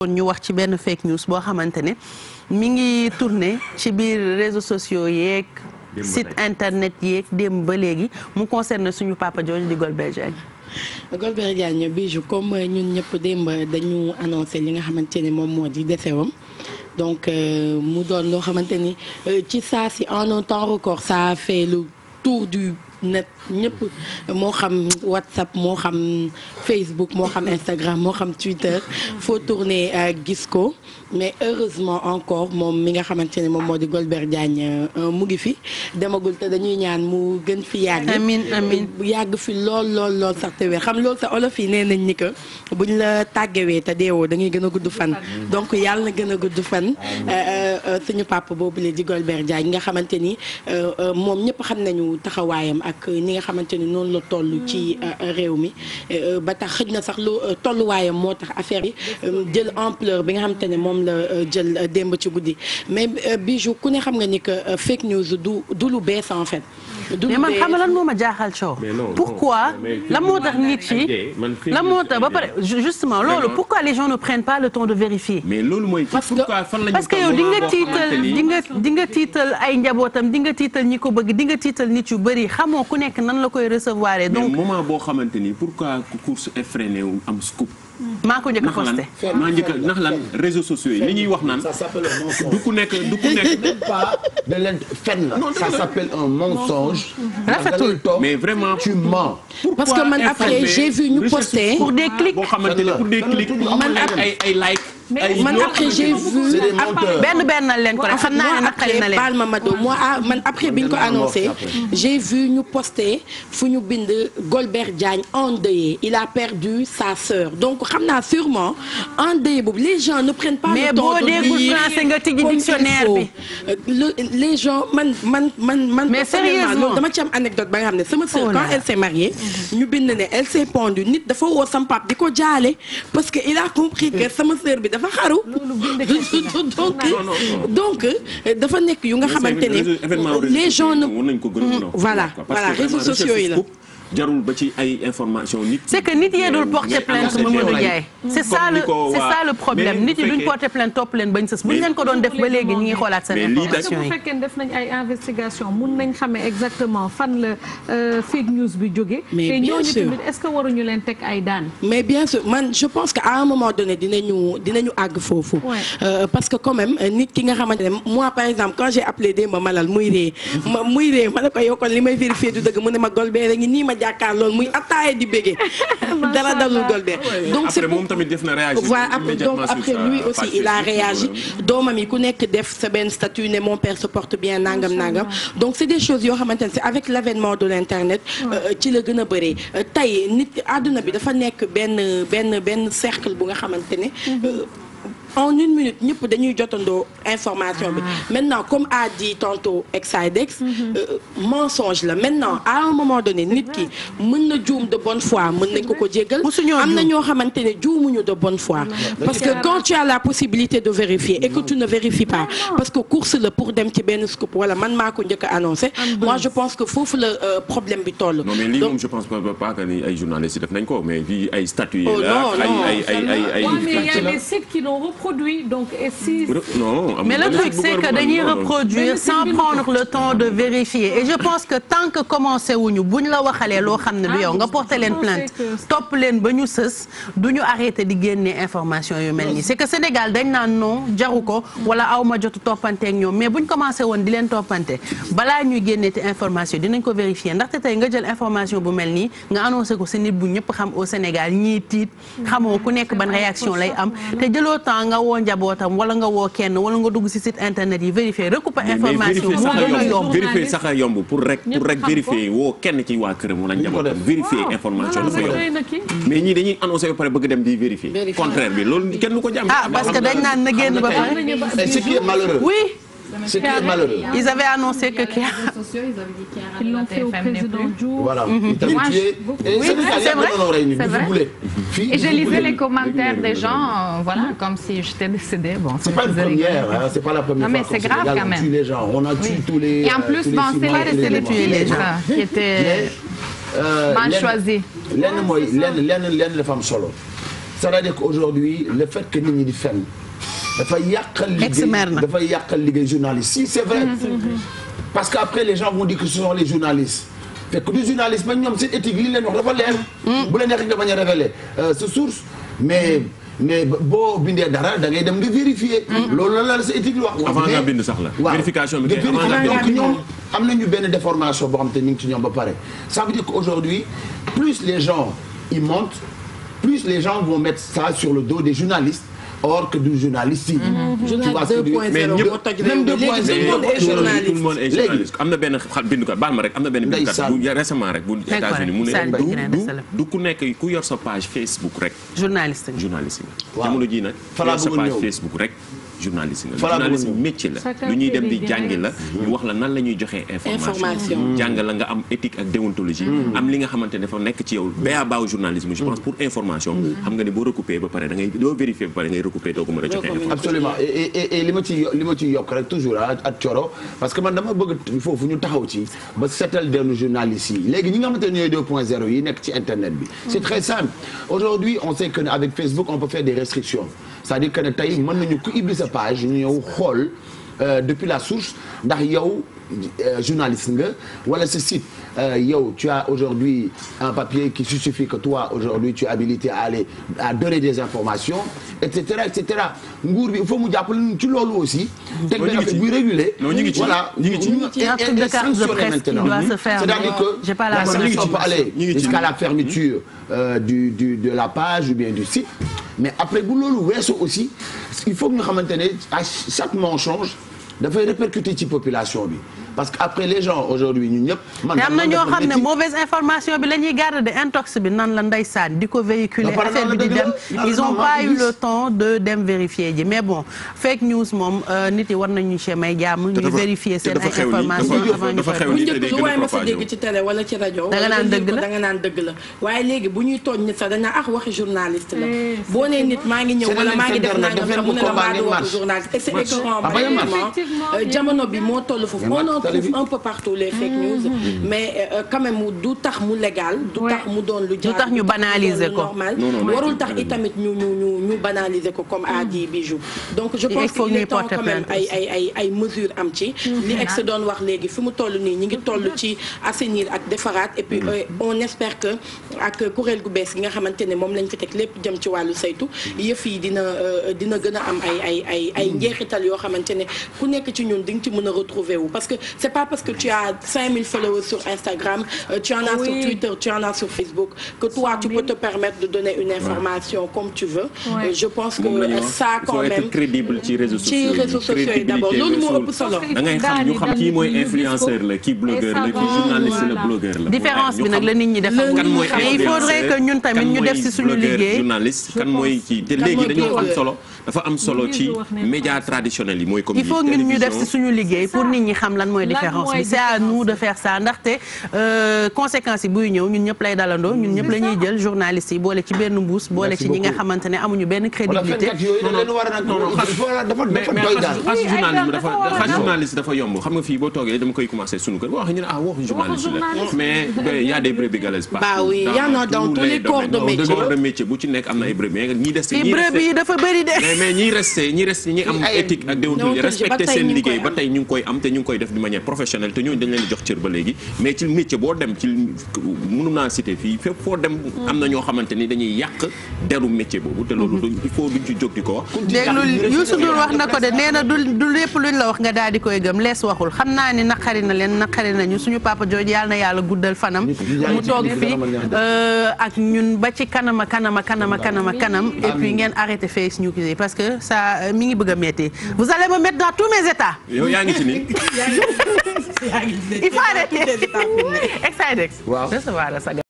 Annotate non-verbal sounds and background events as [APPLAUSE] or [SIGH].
kon ñu wax ci benn fake news boo xamante ne mi ngi tourné ci biir réseaux sociaux yeeg site internet yeeg démb ba léegi mu concerne suñu papa jooju di Golbert Diagne Golbert Diagne bijou comme euh, ñu ñëpp démb dañu annoncé li nga xamante ne moom moo di desewam donc euh, mu doon loo xamante ni euh, ci saa si un temps record ça a fait le tour du net ñëpp moo xam whatsapp moo xam facebook moo xam instagram moo xam twitter faut tourner euh, gis ko mais heureusement encore moom mi nga xamante ne moom moo di Golbert Diagne euh, mu ngi fi demagul dañuy ñaan mu gën fi yàgg amin euh, yàgg fi lool lool lool sax te xam loolu sa olof yi nee nañ ni que buñ la tàggewee te deewoo da ngay gën a gudd fan donc yàlla na gën a gudd fan suñu papa boobule di Golbert Diagne nga xamante ni moom ñëpp xam nañu taxawaayam ak ni nga xamante ni noonu la toll ci mm. euh, euh, réew mi euh, ba tax xëj na sax lu tolluwaayam moo tax affaire yi jël ampleur bi nga xamante ne moom la jël démb ci guddi mais bijou ku ne xam nga ni que fake news du du lu bees en fait mais man xam lan moo ma jaaxal coow. pourquoi lan moo tax nit yi lan moo tax ba pare justement loolu pourquoi les gens ne prennent pas le temps de vérifier. mais loolu mooy parce que yow di nga tiital di nga di nga tiital ay njabootam di nga tiital ñi ko bëgg di nga tiital nit yu bëri xamoo ku nekk nan la koy recevoir donc moment boo xamante ni pourquoi course effrénée am scoop. maa ko njëkk a posté maa njëkk a ndax lan réseaux sociaux yi li ñuy wax naan. ça du ku [LAUGHS] de leen fen la. ça s'appelle un vraiment tu mens. parce que man après j'ai vu ñu posté. pour des clics boo xamante pour des clics. man ay ay like. mais man après j'ai vu benn bennal leen ko rek xam ah, man après bi ko annoncé j'ai vu ñu posté fu ñu bind Golbert Diagne endeuillé il a perdu sa sœur donc xam naa sûrement endeuillé boobu les gens ne prennent pas le de lire mais boo déggul français nga tijji dictionnaire bi euh, les gens man man man sérieusement dama ci am anecdote ba nga xam ne sama sœur oh quand elle s'est mariée ñu bind elle s'est pendue nit dafa woo sam pap di ko jaale parce que il a compris que mm. sama bi dafa xaru. [LAUGHS] donc donc dafa nekk yu nga xamante ne. les gens ne voilà voilà réseaux sociaux yi la. jarul ba ci ay information nit. c'est que nit yee dul porter plainte Mamadou Ndiaye. c'est ça le c'est ça le problème nit yi duñ porter plainte topp leen bañ sës. bu ñu leen ko doon def ba léegi ñu ngi xoolaat seen information yi. bu fekkee def nañ ay investigation mun nañ xamee exactement fan la euh, fake news bi jóge. mais bien sûr te ñooñu tamit est-ce que waruñu leen teg ay daan. mais bien sûr man je pense que à un moment donné dinañu dinañu àgg foofu. Euh, parce que quand même nit ki nga xamante ne moi par exemple quand j'ai appelé démb malal muy ree. Mm-hmm. ma muy ree ma ne ko yow kon li may vérifier du dëgg mu ne ma golbee rek nii ma jàkkaar lool muy attaaye di bége [LAUGHS] dara dalul Golbert donc c'est moom tamit def na après lui aussi il a réagi doomam yi ku nekk def sa benn statut ne mon père se porte bien nangam nangam donc c'est des choses yoo xamante ne c'est avec l'avènement de l'internet euh, ci la gën a bëree euh, tey nit àdduna bi dafa nekk benn benn benn cercle bu nga xamante ne mm-hmm. euh, en une minute ñëpp dañuy jotandoo information bi ah. maintenant comme a dit tantôt Exidex mhm. euh, mensonge la maintenant à un moment donné nit ki mën na juum de bonne foi mën nañ ko ko jéggal am na ñoo xamante ne juumuñu de bonne foi parce que quand tu as la possibilité de vérifier et que tu ne vérifies pas parce que course la pour dem ci benn scoop wala man maa ko njëkk annoncé moi je pense que foofu la euh, problème bi toll non mais lii moom je pense pas que ni ay journalistes def nañ ko mais fii produit donc et si. non mais le truc sans prendre le temps de vérifier et je pense que tant que commencé wuñu buñ la waxalee loo xam ne du yow nga porté leen plainte topp leen ba ñu sës du ñu arrêté di génne information yu mel nii c'est que Sénégal dañ naan non jaru ko wala aw ma jotu toppante ak ñoom mais buñ commencé woon di leen toppante balaa ñuy génne te information dinañ ko vérifier ndaxte tey nga jël information bu mel nii nga annoncé ko si nit bu ñëpp xam au Sénégal ñii tiit xamoo ku nekk ban réaction lay am nga woo njabootam wala nga woo kenn wala nga dugg si site internet yi vérifier recouper information sax yomb pour rek pour rek vérifier woo kenn ci waa këram wala njabootam vérifier information dafa yomb mais ñii dañuy annoncé ba pare bëgg dem di vérifier contraire bi loolu kenn du ko jàmm ah parce que dañ naan na génn ba pare c'est malheureux Ce qui est malheureux. annoncé que Kia. Ils l'ont fait au président Diouf. Voilà. Mhm. Oui, c'est vrai. C'est vrai. je lisais les commentaires des gens, euh, comme si j'étais décédée. c'est pas une première, c'est c'est grave quand même. On les gens, on a tué tous les. Et en plus, bon, c'est pas les tuer les gens qui étaient euh, euh, mal choisis. Lenn ah, mooy lenn lenn lenn dafa am solo. c'est-à-dire qu'aujourd'hui le fait que dafa yàqal liggéey dafa yàqal liggéey journaliste si c'est vrai mm-hmm. Mm-hmm. parce que après les gens vont dire que ce sont les journalistes fekk journaliste man ñoom seen éthique li leen wax dafa leer mm. bu la neexee nga bañ a révéler euh, source mais mm. mais boo bindee dara da ngay dem nga vérifier mm. loolu la la sa éthique la vérification bi donc ñoom am nañu benn déformation xam te ñu ngi ci ñoom ba pare ça veut dire que aujourd'hui plus les gens ils montent plus les gens vont mettre ça sur le dos des journalistes or que du journaliste. Mm-hmm. journaliste 2.0 mais ñëpp même 2.0 tout le monde est journaliste am na benn xal bindukat baal ma rek am na benn bindukat bu récemment rek bu États-Unis mu ne du ku nekk ku yor sa page Facebook rek. journaliste journaliste nga. waaw jamono jii nag. yor sa page Facebook rek. journaliste nga journaliste métier la jàng mm. la nga am éthique ak déontologie mm. am li nga xamante ne nekk ci yow ba baaw journalisme je pense mm. da ah, parce que man dama bëgg foofu ñu taxaw ci ba seetal denn journalistes yi léegi ñi nga xamante ne ñooy 2.0 yi nekk ci internet bi c'est très simple aujourd'hui on sait que avec Facebook on peut faire des restrictions cest dire que ne tey mën nañu ku ibli sa page ñu ñëw xool euh, depuis la source ndax yow Euh, journaliste nga wala ce site euh, yow tu as aujourd'hui un papier qui justifie que toi aujourd'hui tu es habilité à aller à donner des informations et cetera et cetera nguur bi il mu jàppale ci loolu aussi. teg benn affaire buy ñu ngi ci et et sanctionner maintenant que la sanction peut aller hmm. euh, du du de la page ou bien du site. mais après bu loolu weesoo aussi il faut que ñu xamante ne à chaque moment change dafay répercuter ci population bi. parce que après les gens aujourd'hui am na ñoo xam ne mauvaise information bi la ñuy de intox bi nan la ndeysaan di ko véhiculer affaire bi di dem ils ont pas eu le temps de dem vérifier ji mais bon fake news moom euh, nit yi war nañu cee may jàmm. ñu vérifier seen ay informations avant ñu koy bu njëkk lu waaye ma sa dégg ci télé wala ci rajo. da nga naan dëgg la da nga naan dëgg la waaye léegi bu ñuy tooñ nit sax dañ naan ah waxi journaliste la. Eh, boo nee nit maa ngi ñëw wala maa ngi def naa nga trouve un peu partout les fake mm-hmm. news. Mm-hmm. mais euh, euh, quand du tax mu légal. du tax mu doon lu jaar du tax ñu banaliser ko normal warul tax itamit ñu ñu ñu ñu banaliser ko comme a bi mm-hmm. Bijou. donc je pense qu'il est temps quand même ay ay ay am ci. li ex doon wax léegi fi mu toll nii ñu ngi tollu ci assainir ak defaraat et puis euh, on espère que ak kuréel gu bees gi nga xamante ne moom lañ fi teg lépp jëm ci wàllu saytu yëf yi dina dina gën a am ay ay ay ay njeexital yoo xamante ne ku nekk ci ñun di nga ci mën a retrouver wu parce que c'est pas parce que tu as 5000 followers sur Instagram euh, tu en as oui. sur Twitter tu en as sur Facebook que toi tu peux te permettre de donner une information comme tu veux euh, je pense que ça quand même crédible ci réseaux sociaux ci réseaux sociaux yi d'abord loolu moo ëpp solo da ngay xam ñu xam kii mooy influenceur la kii blogueur la kii journaliste la blogueur la différence bi nag la nit ñi defagul mais il faudrait que ñun tamit ñu def ci suñu liggéey journaliste kan mooy kii te léegi dañoo am solo dafa am solo ci médias traditionnels yi mooy comme il faut ñun ñu def ci suñu liggéey pour nit ñi xam lan mooy différence bi c'est à nous de faire ça ndaxte euh, conséquences yi buy ñëw ñun ñëpp lay dalandoo ñun ñëpp la jël journalistes yi boole ci benn mbuus boole ci ñi nga xamante amuñu benn crédibilité dafa yomb xam nga fii boo toogee dama koy commencer sunu kër boo waxee ñu ne ah, mais il y a des brebis galeuses partout. bah oui y a les corps de métier bu ci nekk am na ay brebis mais ñi des ñi brebis yi dafa bëri de mais ñi resté ñi resté ñi am am te ñu ngi koy manière professionnelle te ñooñu dañ leen di jox cër ba léegi mais ci métier boo dem ci mënu naa citer fii fépp foo dem am na ñoo xamante ni dañuy yàq deru métier boobu te loolu mhm. il faut duñ ko wax déglu Youssou nee na du lépp luñ la wax nga daal di koy gëm les waxul xam naa ni naqari na leen naqari nañu suñu papa jooju yàlla yàlla guddal fanam mu toog fi euh, ak ñun ba ci kanama kanama kanama kanama kanam et puis ngeen arrêté face ñu parce que ça euh, mi ngi bëgg a metti vous allez me mettre dans yaa [LAUGHS] yaa ngi il faut arrêter. il faut arrêter waaw recevoir sa